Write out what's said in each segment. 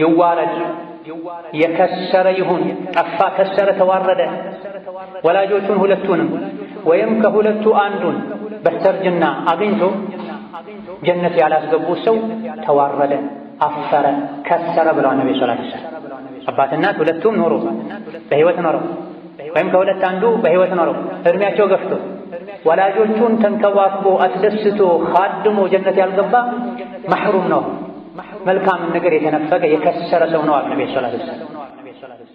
ይዋረድ፣ የከሰረ ይሁን፣ ጠፋ፣ ከሰረ፣ ተዋረደ። ወላጆቹን ሁለቱንም ወይም ከሁለቱ አንዱን በስተርጅና አግኝቶ ጀነት ያላስገቡ ሰው ተዋረደ፣ አፈረ፣ ከሰረ ብለዋል ነቢ ሰለላሁ ዐለይሂ አባት እናት ሁለቱም ኖሮ በህይወት ኖረው ወይም ከሁለት አንዱ በህይወት ኖረው እድሜያቸው ገፍቶ ወላጆቹን ተንከባክቦ አስደስቶ ኻድሞ ጀነት ያልገባ መሕሩም ነው። መልካምን ነገር የተነፈገ የከሰረ ሰው ነው አሉ ነቢ ሰለላሁ ዐለይሂ ወሰለም።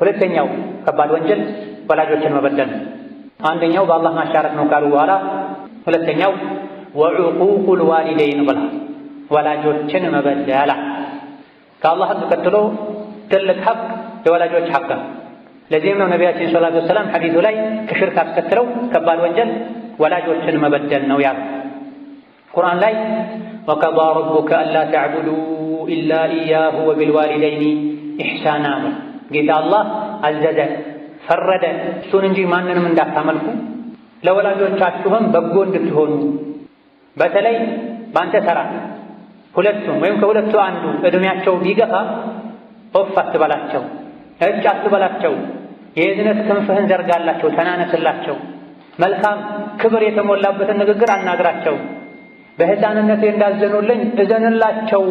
ሁለተኛው ከባድ ወንጀል ወላጆችን መበደል ነው። አንደኛው በአላህ ማሻረክ ነው ካሉ በኋላ ሁለተኛው ወዑቁቁል ዋሊደይን ብላ ወላጆችን መበደል ከአላህ ሕግ ቀጥሎ ትልቅ ሐቅ የወላጆች ሐቅ ነው። ለዚህም ነው ነቢያችን ሰለላሁ ዐለይሂ ወሰለም ሐዲሱ ላይ ከሽርክ አስከትለው ከባድ ወንጀል ወላጆችን መበደል ነው ያሉ ቁርአን ላይ ወቀዳ ረቡከ አላ ተዕቡዱ ኢላ ኢያሁ ወቢልዋሊደይኒ ኢሕሳና ነው። ጌታ አላህ አዘዘ ፈረደ፣ እሱን እንጂ ማንንም እንዳታመልኩ፣ ለወላጆቻችሁም በጎ እንድትሆኑ በተለይ በአንተ ሠራ ሁለቱም ወይም ከሁለቱ አንዱ ዕድሜያቸው ቢገፋ ወፍ አትበላቸው፣ እጭ አትበላቸው፣ የእዝነት ክንፍህን ዘርጋላቸው፣ ተናነስላቸው፣ መልካም ክብር የተሞላበትን ንግግር አናግራቸው። በሕፃንነቴ እንዳዘኑልኝ እዘንላቸው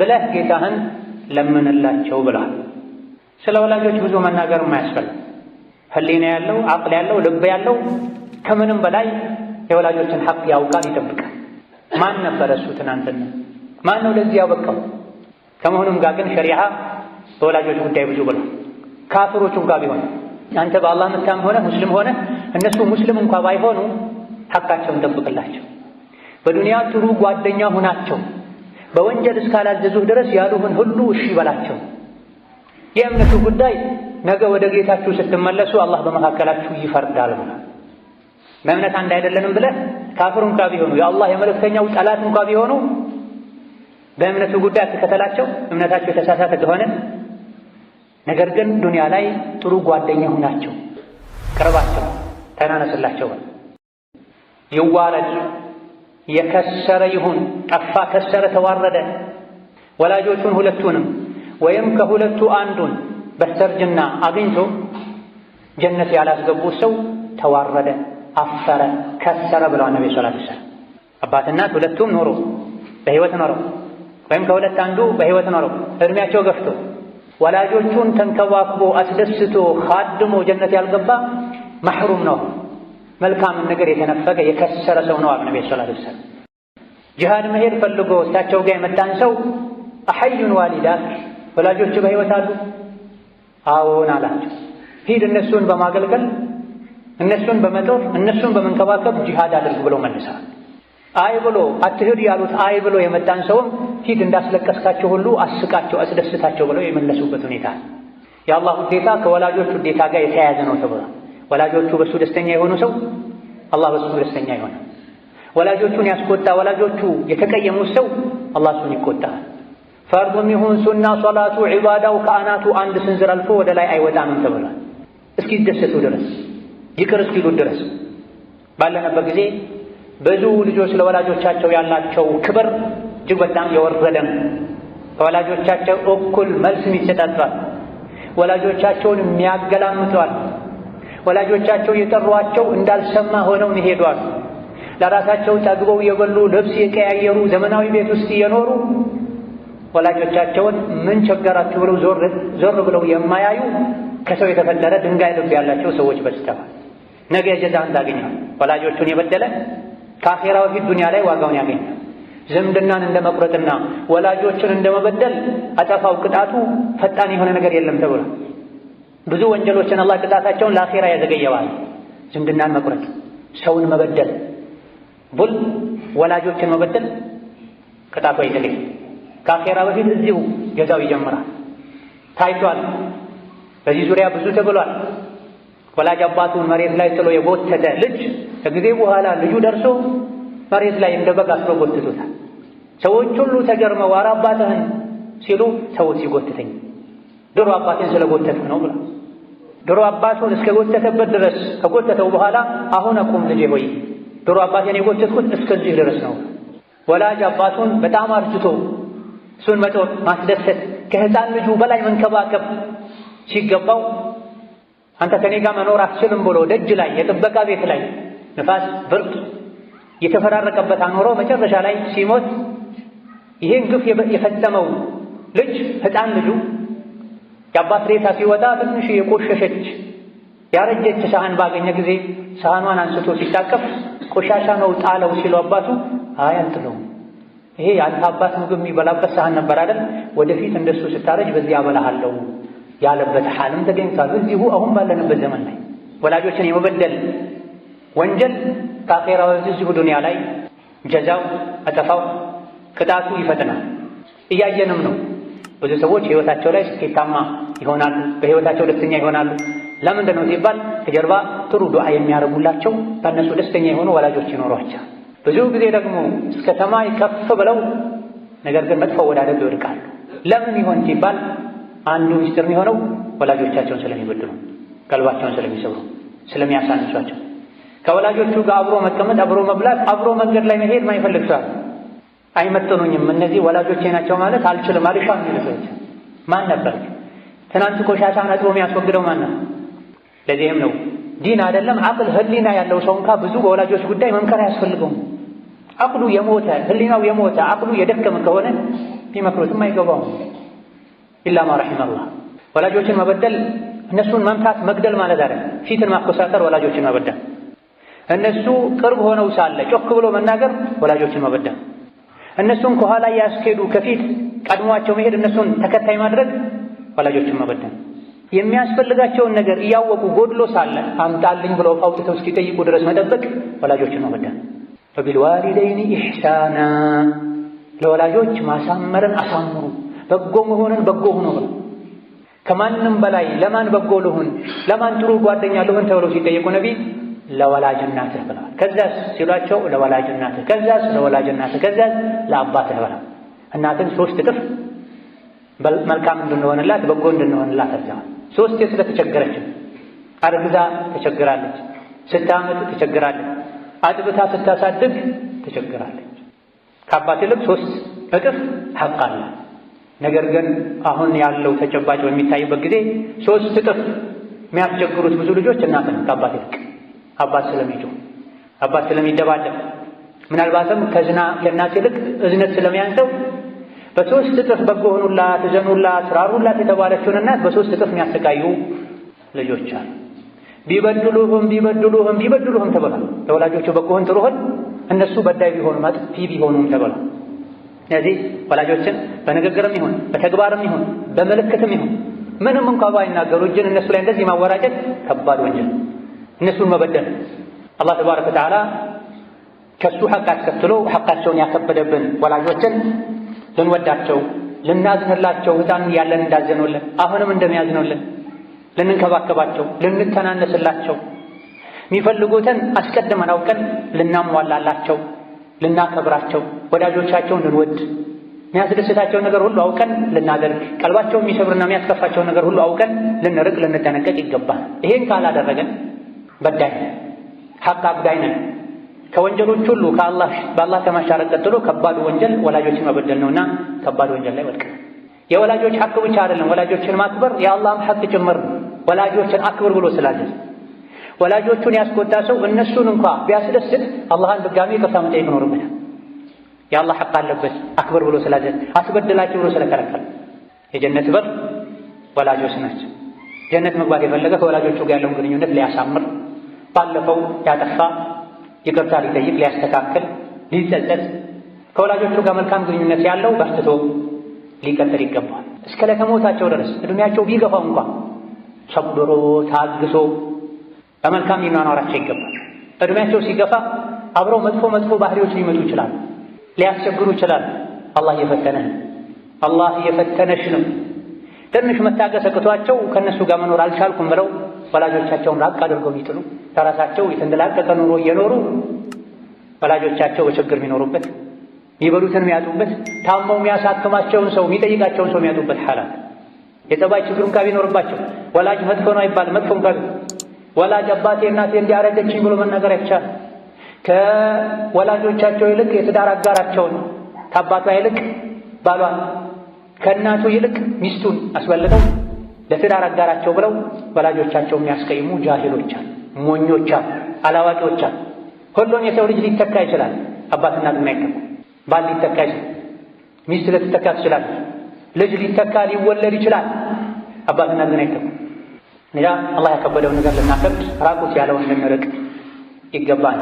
ብለህ ጌታህን ለምንላቸው ብሏል። ስለ ወላጆች ብዙ መናገር የማያስፈልግ ህሊና ያለው አቅል ያለው ልብ ያለው ከምንም በላይ የወላጆችን ሐቅ ያውቃል፣ ይጠብቃል። ማን ነበረ እሱ ትናንትና? ማን ነው ለዚህ ያበቃው? ከመሆኑም ጋር ግን ሸሪዓ በወላጆች ጉዳይ ብዙ ብሏል። ካፍሮቹ ጋር ቢሆን አንተ በአላህ ምታም ሆነ ሙስሊም ሆነ እነሱ ሙስሊም እንኳ ባይሆኑ ሐቃቸውን ጠብቅላቸው። በዱንያ ጥሩ ጓደኛ ሁናቸው፣ በወንጀል እስካላዘዙህ ድረስ ያሉህን ሁሉ እሺ በላቸው። የእምነቱ ጉዳይ ነገ ወደ ጌታችሁ ስትመለሱ አላህ በመካከላችሁ ይፈርዳል። በእምነት አንድ አይደለንም ብለህ ካፍር እንኳ ቢሆኑ የአላህ የመልእክተኛው ጠላት እንኳ ቢሆኑ በእምነቱ ጉዳይ አትከተላቸው፣ እምነታቸው የተሳሳተ ከሆነ ነገር ግን ዱንያ ላይ ጥሩ ጓደኛ ሁናቸው፣ ቅርባቸው፣ ተናነስላቸው። ይዋረድ የከሰረ ይሁን ጠፋ፣ ከሰረ፣ ተዋረደ። ወላጆቹን ሁለቱንም ወይም ከሁለቱ አንዱን በስተርጅና አግኝቶ ጀነት ያላስገቡ ሰው ተዋረደ፣ አፈረ፣ ከሰረ ብለዋል ነቢ ሰላት ዐለይሂ አባት እናት ሁለቱም ኖሮ በህይወት ኖረው ወይም ከሁለት አንዱ በህይወት ኖረው እድሜያቸው ገፍቶ ወላጆቹን ተንከባክቦ አስደስቶ ኻድሞ ጀነት ያልገባ መሕሩም ነው። መልካምን ነገር የተነፈገ የከሰረ ሰው ነው። ነቢ ሰለላሁ ዐለይሂ ጂሃድ መሄድ ፈልጎ እሳቸው ጋር የመጣን ሰው አሐዩን ዋሊዳት ወላጆቹ በሕይወት አሉ? አዎን አላቸው። ሂድ እነሱን በማገልገል እነሱን በመጦር እነሱን በመንከባከብ ጂሃድ አድርግ ብሎ መልሰዋል። አይ ብሎ አትሂድ ያሉት አይ ብሎ የመጣን ሰውም ሂድ እንዳስለቀስካቸው ሁሉ አስቃቸው፣ አስደስታቸው ብለው የመለሱበት ሁኔታ የአላህ ውዴታ ከወላጆች ውዴታ ጋር የተያያዘ ነው ተብሏል። ወላጆቹ በሱ ደስተኛ የሆኑ ሰው አላህ በሱ ደስተኛ ይሆናል። ወላጆቹን ያስቆጣ ወላጆቹ የተቀየሙት ሰው አላህ እሱን ይቆጣል። ፈርዱም ይሁን ሱና ሶላቱ ዒባዳው ከአናቱ አንድ ስንዝር አልፎ ወደ ላይ አይወጣም ተብሏል። እስኪደሰቱ ድረስ ይቅር እስኪሉት ድረስ ባለነበት ጊዜ ብዙ ልጆች ለወላጆቻቸው ያላቸው ክብር እጅግ በጣም የወረደ ነው። ከወላጆቻቸው እኩል መልስ የሚሰጣቸዋል፣ ወላጆቻቸውን የሚያገላምጧል ወላጆቻቸው የጠሯቸው እንዳልሰማ ሆነው ይሄዷል። ለራሳቸው ጠግበው የበሉ ልብስ የቀያየሩ ዘመናዊ ቤት ውስጥ እየኖሩ ወላጆቻቸውን ምን ቸገራችሁ ብለው ዞር ብለው የማያዩ ከሰው የተፈጠረ ድንጋይ ልብ ያላቸው ሰዎች በዝተዋል። ነገ ጀዛን ታገኛል። ወላጆቹን የበደለ ከአኼራ በፊት ዱንያ ላይ ዋጋውን ያገኛል። ዝምድናን እንደ መቁረጥና ወላጆችን እንደ መበደል አጠፋው ቅጣቱ ፈጣን የሆነ ነገር የለም ተብሏል። ብዙ ወንጀሎችን አላህ ቅጣታቸውን ለአኼራ ያዘገየዋል። ዝምድናን መቁረጥ፣ ሰውን መበደል፣ ቡል ወላጆችን መበደል ቅጣቱ አይዘገይ። ከአኼራ በፊት እዚሁ ገዛው ይጀምራል። ታይቷል። በዚህ ዙሪያ ብዙ ተብሏል። ወላጅ አባቱን መሬት ላይ ጥሎ የጎተተ ልጅ ከጊዜ በኋላ ልጁ ደርሶ መሬት ላይ እንደ በግ አስሮ ጎትቶታል። ሰዎች ሁሉ ተገርመው አረ አባትህን ሲሉ ሰዎች ሲጎትተኝ ድሮ አባቴን ስለጎተት ነው ብሏል። ድሮ አባቱን እስከ ጎተተበት ድረስ ከጎተተው በኋላ አሁን አቁም ልጄ ሆይ ድሮ አባቴን የጎተትኩት እስከዚህ ድረስ ነው። ወላጅ አባቱን በጣም አርጅቶ እሱን መጦር ማስደሰት፣ ከህፃን ልጁ በላይ መንከባከብ ሲገባው አንተ ከኔ ጋር መኖር አትችልም ብሎ ደጅ ላይ የጥበቃ ቤት ላይ ንፋስ፣ ብርድ የተፈራረቀበት አኖሮ መጨረሻ ላይ ሲሞት ይህን ግፍ የፈጸመው ልጅ ህፃን ልጁ የአባት ሬሳ ሲወጣ ትንሽ የቆሸሸች ያረጀች ሳህን ባገኘ ጊዜ ሳህኗን አንስቶ ሲታቀፍ ቆሻሻ ነው ጣለው ሲለው አባቱ አይ አልጥለውም፣ ይሄ የአንተ አባት ምግብ የሚበላበት ሳህን ነበር አይደል? ወደፊት እንደሱ ስታረጅ በዚህ አበላሃለሁ ያለበት ሐልም ተገኝቷል። እዚሁ አሁን ባለንበት ዘመን ላይ ወላጆችን የመበደል ወንጀል ከአኼራው እዚሁ ዱንያ ላይ ጀዛው አጠፋው ቅጣቱ ይፈጥናል። እያየንም ነው። ብዙ ሰዎች ህይወታቸው ላይ ስኬታማ ይሆናሉ፣ በህይወታቸው ደስተኛ ይሆናሉ። ለምንድን ነው ሲባል ከጀርባ ጥሩ ዱዓ የሚያደርጉላቸው በእነሱ ደስተኛ የሆኑ ወላጆች ይኖሯቸው። ብዙ ጊዜ ደግሞ እስከ ሰማይ ከፍ ብለው ነገር ግን መጥፎ ወዳደግ ይወድቃሉ። ለምን ይሆን ሲባል አንዱ ሚስጥር የሚሆነው ወላጆቻቸውን ስለሚበድሉ፣ ቀልባቸውን ስለሚሰብሩ፣ ስለሚያሳንሷቸው ከወላጆቹ ጋር አብሮ መቀመጥ፣ አብሮ መብላት፣ አብሮ መንገድ ላይ መሄድ ማይፈልግ ሰው አይመጥኑኝም እነዚህ ወላጆቼ ናቸው ማለት አልችልም፣ አልሻም የሚሉ ማን ነበር? ትናንት ቆሻሻ ነጥቦ የሚያስወግደው ማን ነው? ለዚህም ነው ዲን አይደለም አቅል ህሊና ያለው ሰው እንኳ ብዙ በወላጆች ጉዳይ መምከር አያስፈልገውም። አቅሉ የሞተ ህሊናው የሞተ አቅሉ የደከመ ከሆነ ቢመክሩትም አይገባውም። ኢላ ማ ወላጆችን መበደል እነሱን መምታት መግደል ማለት አይደለም። ፊትን ማኮሳተር ወላጆችን መበደል፣ እነሱ ቅርብ ሆነው ሳለ ጮክ ብሎ መናገር ወላጆችን መበደል እነሱን ከኋላ ያስኬዱ ከፊት ቀድሟቸው መሄድ እነሱን ተከታይ ማድረግ ወላጆችን መበደን የሚያስፈልጋቸውን ነገር እያወቁ ጎድሎ ሳለ አምጣልኝ ብለው አውጥተው እስኪጠይቁ ድረስ መጠበቅ ወላጆችን መበደን ወቢልዋሊደይኒ ኢሕሳና ለወላጆች ማሳመርን አሳምሩ በጎ መሆንን በጎ ሆኖ ብለው ከማንም በላይ ለማን በጎ ልሁን ለማን ጥሩ ጓደኛ ልሁን ተብለው ሲጠየቁ ነቢ ለወላጅ እናትህ ብለዋል። ከዚያስ ሲሏቸው ለወላጅ እናትህ፣ ከዚያስ ለወላጅ እናትህ፣ ከዚያስ ለአባትህ ብለዋል። እናትን ሶስት እጥፍ መልካም እንድንሆንላት በጎ እንድንሆንላት አድርገዋል። ሶስቴ ስለተቸገረች አርግዛ ተቸግራለች፣ ስታመጥ ተቸግራለች፣ አጥብታ ስታሳድግ ተቸግራለች። ከአባት ይልቅ ሶስት እጥፍ ሐቅ አለ። ነገር ግን አሁን ያለው ተጨባጭ በሚታይበት ጊዜ ሶስት እጥፍ የሚያስቸግሩት ብዙ ልጆች እናትን ከአባት ይልቅ አባት ስለሚጮህ አባት ስለሚደባደብ ምናልባትም ከዝና ከእናት ይልቅ እዝነት ስለሚያንሰው በሶስት እጥፍ በጎ ሆኑላት፣ እዘኑላት፣ ራሩላት የተባለችውን እናት በሶስት እጥፍ የሚያሰቃዩ ልጆች አሉ። ቢበድሉህም ቢበድሉህም ቢበድሉህም ተብሏል። ለወላጆቹ በጎህን ጥሩህን እነሱ በዳይ ቢሆኑም አጥፊ ቢሆኑም ተብሏል። ስለዚህ ወላጆችን በንግግርም ይሁን በተግባርም ይሁን በምልክትም ይሁን ምንም እንኳ ባይናገሩ እጅን እነሱ ላይ እንደዚህ ማወራጨት ከባድ ወንጀል እነሱን መበደል አላህ ተባረከ ወተዓላ ከእሱ ሐቅ አስከትሎ ሐቃቸውን ያከበደብን ወላጆችን ልንወዳቸው ልናዝንላቸው ሕፃን ያለን እንዳዘኑልን አሁንም እንደሚያዝኑልን ልንንከባከባቸው ልንተናነስላቸው የሚፈልጉትን አስቀድመን አውቀን ልናሟላላቸው ልናከብራቸው ወዳጆቻቸውን ልንወድ የሚያስደስታቸውን ነገር ሁሉ አውቀን ልናደርግ ቀልባቸው የሚሰብርና የሚያስከፋቸውን ነገር ሁሉ አውቀን ልንርቅ ልንደነቀቅ ይገባል። ይሄን ካላደረገን በዳይ ሐቅ አጋይ ነን። ከወንጀሎች ሁሉ በአላህ ከማሻረቅ ቀጥሎ ከባድ ወንጀል ወላጆችን መበደል ነውና ከባድ ወንጀል ላይ ወድቅ። የወላጆች ሐቅ ብቻ አይደለም ወላጆችን ማክበር የአላህም ሐቅ ጭምር ወላጆችን አክብር ብሎ ስላዘዝ ወላጆቹን ያስቆጣ ሰው እነሱን እንኳ ቢያስደስት አላህን ድጋሚ ይቅርታ መጠየቅ ይኖርበታል። የአላህ ሐቅ አለበት አክብር ብሎ ስላዘዝ አስበድላቸው ብሎ ስለከለከለ የጀነት በር ወላጆች ናቸው። ጀነት መግባት የፈለገ ከወላጆቹ ጋር ያለውን ግንኙነት ሊያሳምር ባለፈው ያጠፋ ይቅርታ ሊጠይቅ ሊያስተካክል ሊጸጸት ከወላጆቹ ጋር መልካም ግንኙነት ያለው በርትቶ ሊቀጥል ይገባል። እስከ ለተሞታቸው ድረስ እድሜያቸው ቢገፋ እንኳ ሰብሮ ታግሶ በመልካም ሊኗኗራቸው ይገባል። እድሜያቸው ሲገፋ አብረው መጥፎ መጥፎ ባህሪዎች ሊመጡ ይችላል፣ ሊያስቸግሩ ይችላል። አላህ እየፈተነህ አላህ እየፈተነሽ ነው። ትንሽ መታገስ አቅቷቸው ከእነሱ ጋር መኖር አልቻልኩም ብለው ወላጆቻቸውን ራቅ አድርገው የሚጥሉ ከራሳቸው የተንደላቀቀ ኑሮ እየኖሩ ወላጆቻቸው በችግር የሚኖሩበት የሚበሉትን የሚያጡበት ታመው የሚያሳክማቸውን ሰው የሚጠይቃቸውን ሰው የሚያጡበት ሐላል የጠባይ ችግሩን ካ ቢኖርባቸው ወላጅ መጥፎ ነው አይባል መጥፎም ካ ወላጅ አባቴ እናቴ እንዲያረገችኝ ብሎ መናገር አይቻልም። ከወላጆቻቸው ይልቅ የትዳር አጋራቸውን ከአባቷ ይልቅ ባሏን ከእናቱ ይልቅ ሚስቱን አስበልጠው ለትዳር አጋራቸው ብለው ወላጆቻቸው የሚያስቀይሙ ጃሂሎች አሉ፣ ሞኞች አሉ፣ አላዋቂዎች አሉ። ሁሉም የሰው ልጅ ሊተካ ይችላል። አባትና ግን አይተኩ። ባል ሊተካ ይችላል። ሚስት ልትተካ ትችላለች። ልጅ ሊተካ ሊወለድ ይችላል። አባትና ግን አይተኩ። ያ አላህ ያከበደው ነገር ልናከብድ ራቁት ያለውን ልንርቅ ይገባል።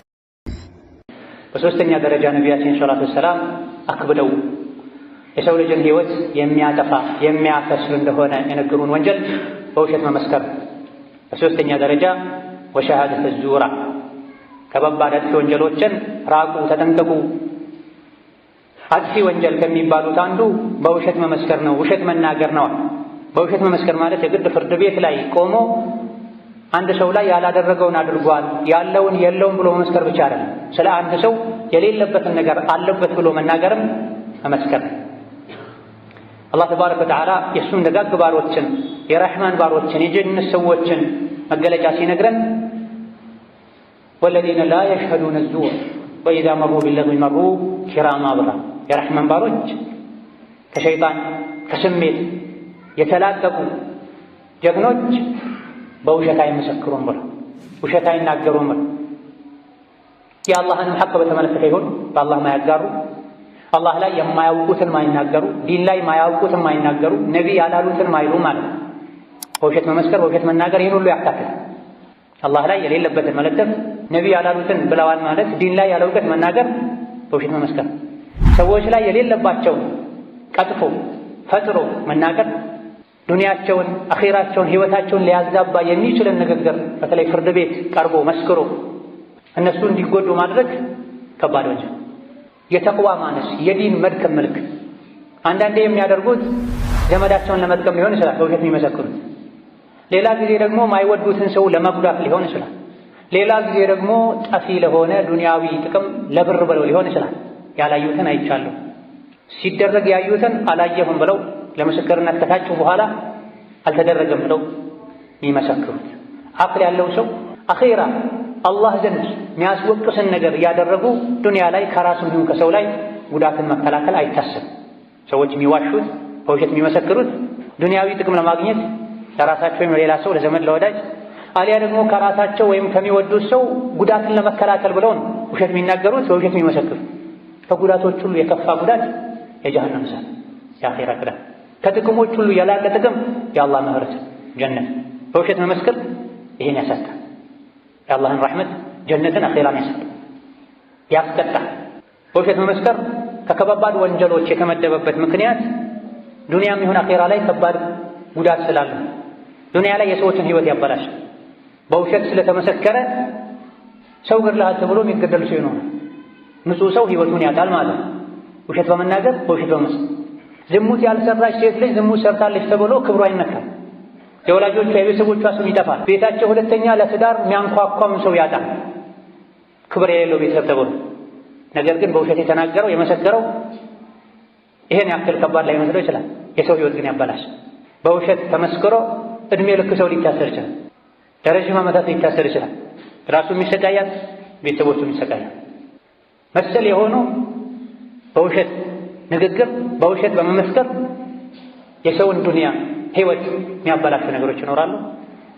በሶስተኛ ደረጃ ነቢያችን ሰላቱ ወሰላም አክብደው የሰው ልጅን ህይወት የሚያጠፋ የሚያፈስር እንደሆነ የነገሩን ወንጀል በውሸት መመስከር። በሶስተኛ ደረጃ ወሸሃደተ ዙራ ከባባድ አጥፊ ወንጀሎችን ራቁ፣ ተጠንቀቁ። አጥፊ ወንጀል ከሚባሉት አንዱ በውሸት መመስከር ነው፣ ውሸት መናገር ነው። በውሸት መመስከር ማለት የግድ ፍርድ ቤት ላይ ቆሞ አንድ ሰው ላይ ያላደረገውን አድርጓል ያለውን የለውም ብሎ መመስከር ብቻ አይደለም፣ ስለ አንድ ሰው የሌለበትን ነገር አለበት ብሎ መናገርም መመስከር አላህ ተባረከ ወተዓላ የእሱን ደጋግ ባሮችን የረሕማን ባሮችን የጀነት ሰዎችን መገለጫ ሲነግረን ወለዚነ ላ የሽሀዱነ ዙር ወኢዛ መሩ ቢለግዊ መሩ ኪራማ ብራ የረሕማን ባሮች ከሸይጣን ከስሜት የተላቀቁ ጀግኖች በውሸት አይመሰክሩም ብላ ውሸት አይናገሩም ብላ የአላህንም ሐቅ በተመለከተ ይሆን በአላህ ማያጋሩ አላህ ላይ የማያውቁትን ማይናገሩ፣ ዲን ላይ ማያውቁትን ማይናገሩ፣ ነቢ ያላሉትን ማይሉ ማለት ነው። በውሸት መመስከር፣ በውሸት መናገር ይህን ሁሉ ያካትታል። አላህ ላይ የሌለበትን መለጠፍ፣ ነቢ ያላሉትን ብለዋል ማለት፣ ዲን ላይ ያለ እውቀት መናገር፣ በውሸት መመስከር፣ ሰዎች ላይ የሌለባቸውን ቀጥፎ ፈጥሮ መናገር፣ ዱንያቸውን፣ አኼራቸውን፣ ህይወታቸውን ሊያዛባ የሚችልን ንግግር በተለይ ፍርድ ቤት ቀርቦ መስክሮ እነሱ እንዲጎዱ ማድረግ ከባድ ወንጀል የተቅዋ ማነስ የዲን መድከም ምልክት። አንዳንዴ የሚያደርጉት ዘመዳቸውን ለመጥቀም ሊሆን ይችላል፣ በውሸት የሚመሰክሩት። ሌላ ጊዜ ደግሞ የማይወዱትን ሰው ለመጉዳት ሊሆን ይችላል። ሌላ ጊዜ ደግሞ ጠፊ ለሆነ ዱንያዊ ጥቅም ለብር ብለው ሊሆን ይችላል። ያላዩትን አይቻለሁ ሲደረግ ያዩትን አላየሁም ብለው ለምስክርነት ከታጩ በኋላ አልተደረገም ብለው የሚመሰክሩት። አክል ያለው ሰው አኼራ አላህ ዘንድ የሚያስወቅስን ነገር እያደረጉ ዱንያ ላይ ከራሱ ይሁን ከሰው ላይ ጉዳትን መከላከል አይታሰብም። ሰዎች የሚዋሹት በውሸት የሚመሰክሩት ዱንያዊ ጥቅም ለማግኘት ለራሳቸው ወይም ለሌላ ሰው ለዘመድ፣ ለወዳጅ አሊያ ደግሞ ከራሳቸው ወይም ከሚወዱት ሰው ጉዳትን ለመከላከል ብለው ነው ውሸት የሚናገሩት በውሸት የሚመሰክሩት። ከጉዳቶች ሁሉ የከፋ ጉዳት የጀሃነም እሳት የአኼራ ቅጣት፣ ከጥቅሞች ሁሉ የላቀ ጥቅም የአላህ ምህረት ጀነት። በውሸት መመስከር ይሄን ያሳጣል፣ የአላህን ረሕመት ጀነትን አኼራን ያሳል ያስቀጣ። በውሸት መመስከር ከከባባድ ወንጀሎች የተመደበበት ምክንያት ዱንያም ይሁን አኼራ ላይ ከባድ ጉዳት ስላለ፣ ዱንያ ላይ የሰዎችን ህይወት ያበላሽ። በውሸት ስለተመሰከረ ሰው ገድለሃል ተብሎ የሚገደል ሰው ይኖራል። ንጹሕ ሰው ህይወቱን ያጣል ማለት ነው። ውሸት በመናገር በውሸት በመስ ዝሙት ያልሰራች ሴት ልጅ ዝሙት ሰርታለች ተብሎ ክብሯ አይነካም። የወላጆቿ የቤተሰቦቿ ስም ይጠፋል። ቤታቸው ሁለተኛ ለትዳር የሚያንኳኳም ሰው ያጣል። ክብር የሌለው ቤተሰብ ተብሎ ነገር ግን በውሸት የተናገረው የመሰከረው ይሄን ያክል ከባድ ላይ መስለው ይችላል። የሰው ህይወት ግን ያበላሽ። በውሸት ተመስክሮ እድሜ ልክ ሰው ሊታሰር ይችላል። ለረዥም ዓመታት ሊታሰር ይችላል። ራሱ የሚሰቃያት ቤተሰቦቹ ይሰቃያል። መሰል የሆኑ በውሸት ንግግር፣ በውሸት በመመስከር የሰውን ዱንያ ህይወት የሚያበላሹ ነገሮች ይኖራሉ።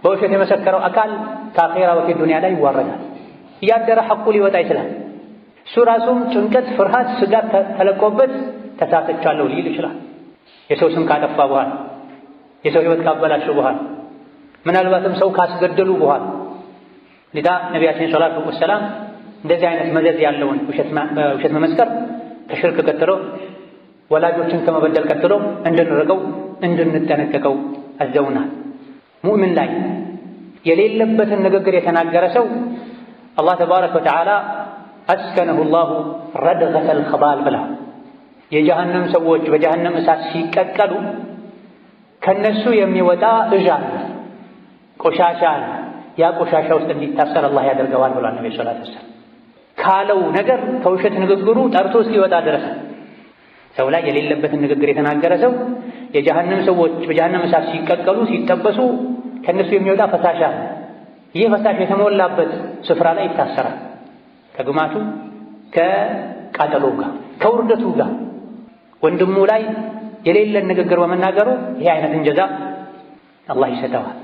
በውሸት የመሰከረው አካል ከአኼራ በፊት ዱንያ ላይ ይዋረዳል። እያደረ ሐቁ ሊወጣ ይችላል። እሱ ራሱም ጭንቀት፣ ፍርሃት፣ ስጋት ተለቆበት ተሳተቻለሁ ሊል ይችላል። የሰው ስም ካጠፋ በኋላ የሰው ህይወት ካበላሸው በኋላ ምናልባትም ሰው ካስገደሉ በኋላ ሊታ ነቢያችን ሰላቱ ወሰላም እንደዚህ አይነት መዘዝ ያለውን ውሸት መመስከር ከሽርክ ቀጥሎ ወላጆችን ከመበደል ቀጥሎ እንድንርቀው እንድንጠነቀቀው አዘውናል። ሙእምን ላይ የሌለበትን ንግግር የተናገረ ሰው አላህ ተባረከ ወተዓላ አስከነሁ ላሁ ረድገተል ኸባል ብላ የጀሃነም ሰዎች በጀሃነም እሳት ሲቀቀሉ ከነሱ የሚወጣ እዣ ቆሻሻ ያ ቆሻሻ ውስጥ እንዲታሰር አላህ ያደርገዋል ብሏል ነብዩ ሰለላሁ ዐለይሂ ካለው ነገር ከውሸት ንግግሩ ጠርቶ እስኪወጣ ድረስ ሰው ላይ የሌለበትን ንግግር የተናገረ ሰው የጀሃነም ሰዎች በጀሃነም እሳት ሲቀቀሉ ሲጠበሱ ከነሱ የሚወጣ ፈሳሻ ይህ ፈሳሽ የተሞላበት ስፍራ ላይ ይታሰራል። ከግማቱ ከቃጠሎ ጋር ከውርደቱ ጋር ወንድሙ ላይ የሌለን ንግግር በመናገሩ ይህ አይነት እንጀዛ አላህ ይሰጠዋል።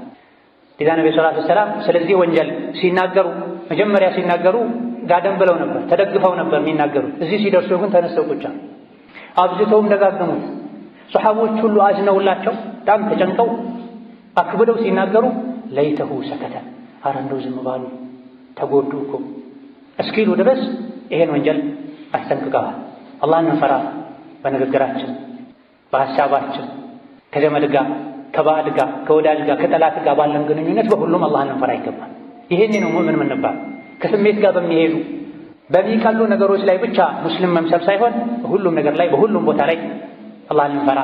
ሌላ ነቢ ሰላቱ ሰላም ስለዚህ ወንጀል ሲናገሩ መጀመሪያ ሲናገሩ ጋደም ብለው ነበር፣ ተደግፈው ነበር የሚናገሩት። እዚህ ሲደርሱ ግን ተነስተው ቁጭ አብዝተውም ደጋግሙት ሰሓቦች ሁሉ አዝነውላቸው በጣም ተጨንቀው አክብደው ሲናገሩ ለይተሁ ሰከተ አረ እንደው ዝም ባሉ ተጎዱ እኮ እስኪሉ ድረስ ይሄን ወንጀል አስጠንቅቀዋል። አላህን እንፈራ በንግግራችን፣ በሐሳባችን፣ ከዘመድ ጋር፣ ከባዕድ ጋር፣ ከወዳጅ ጋር፣ ከጠላት ጋር ባለን ግንኙነት በሁሉም አላህን እንፈራ ይገባል። ይሄን ነው ሙእምን የምንባል። ከስሜት ጋር በሚሄዱ በሚቀሉ ነገሮች ላይ ብቻ ሙስሊም መምሰብ ሳይሆን ሁሉም ነገር ላይ በሁሉም ቦታ ላይ አላህን እንፈራ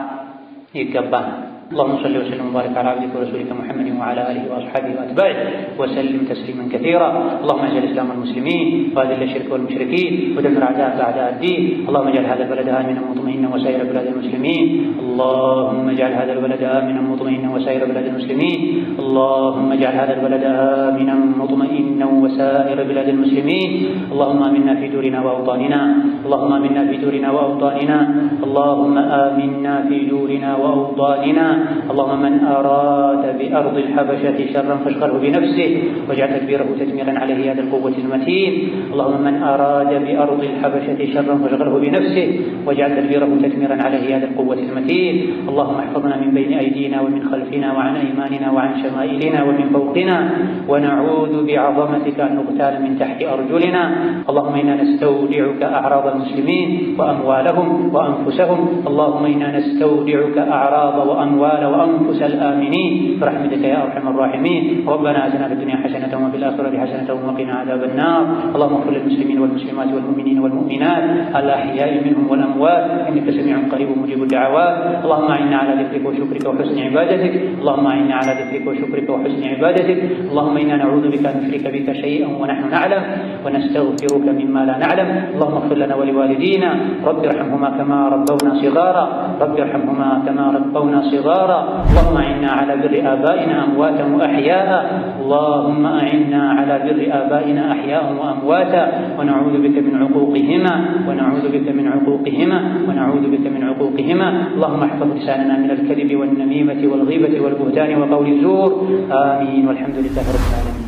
ይገባል። اللهم صل وسلم وبارك على عبدك ورسولك محمد وعلى اله واصحابه واتباعه وسلم تسليما كثيرا اللهم اجعل الاسلام والمسلمين واذل الشرك والمشركين ودمر اعداء اعداء الدين اللهم اجعل هذا البلد امنا مطمئنا وسائر بلاد المسلمين اللهم اجعل هذا البلد امنا مطمئنا وسائر بلاد المسلمين اللهم اجعل هذا البلد امنا مطمئنا وسائر بلاد المسلمين اللهم امنا في دورنا واوطاننا اللهم امنا في دورنا واوطاننا اللهم امنا في دورنا واوطاننا اللهم من أراد بأرض الحبشة شرا فاشغله بنفسه واجعل تدبيره تدميرا عليه هذا القوة المتين اللهم من أراد بأرض الحبشة شرا فاشغله بنفسه واجعل تدبيره تدميرا عليه هذا القوة المتين اللهم احفظنا من بين أيدينا ومن خلفنا وعن أيماننا وعن شمائلنا ومن فوقنا ونعوذ بعظمتك أن نغتال من تحت أرجلنا اللهم إنا نستودعك أعراض المسلمين وأموالهم وأنفسهم اللهم إنا نستودعك أعراض وأموال الأموال وأنفس الآمنين برحمتك يا أرحم الراحمين ربنا آتنا في الدنيا حسنة وفي الآخرة حسنة وقنا عذاب النار اللهم اغفر للمسلمين والمسلمات والمؤمنين والمؤمنات الأحياء منهم والأموات إنك سميع قريب مجيب الدعوات اللهم أعنا على ذكرك وشكرك وحسن عبادتك اللهم أعنا على ذكرك وشكرك وحسن عبادتك اللهم إنا نعوذ بك أن نشرك بك شيئا ونحن نعلم ونستغفرك مما لا نعلم اللهم اغفر لنا ولوالدينا رب ارحمهما كما ربونا صغارا رب ارحمهما كما ربونا صغارا أبرارا اللهم أعنا على بر آبائنا أمواتا وأحياء اللهم أعنا على بر آبائنا أحياء وأمواتا ونعوذ بك من عقوقهما ونعوذ بك من عقوقهما ونعوذ بك من عقوقهما اللهم احفظ لساننا من الكذب والنميمة والغيبة والبهتان وقول الزور آمين والحمد لله رب العالمين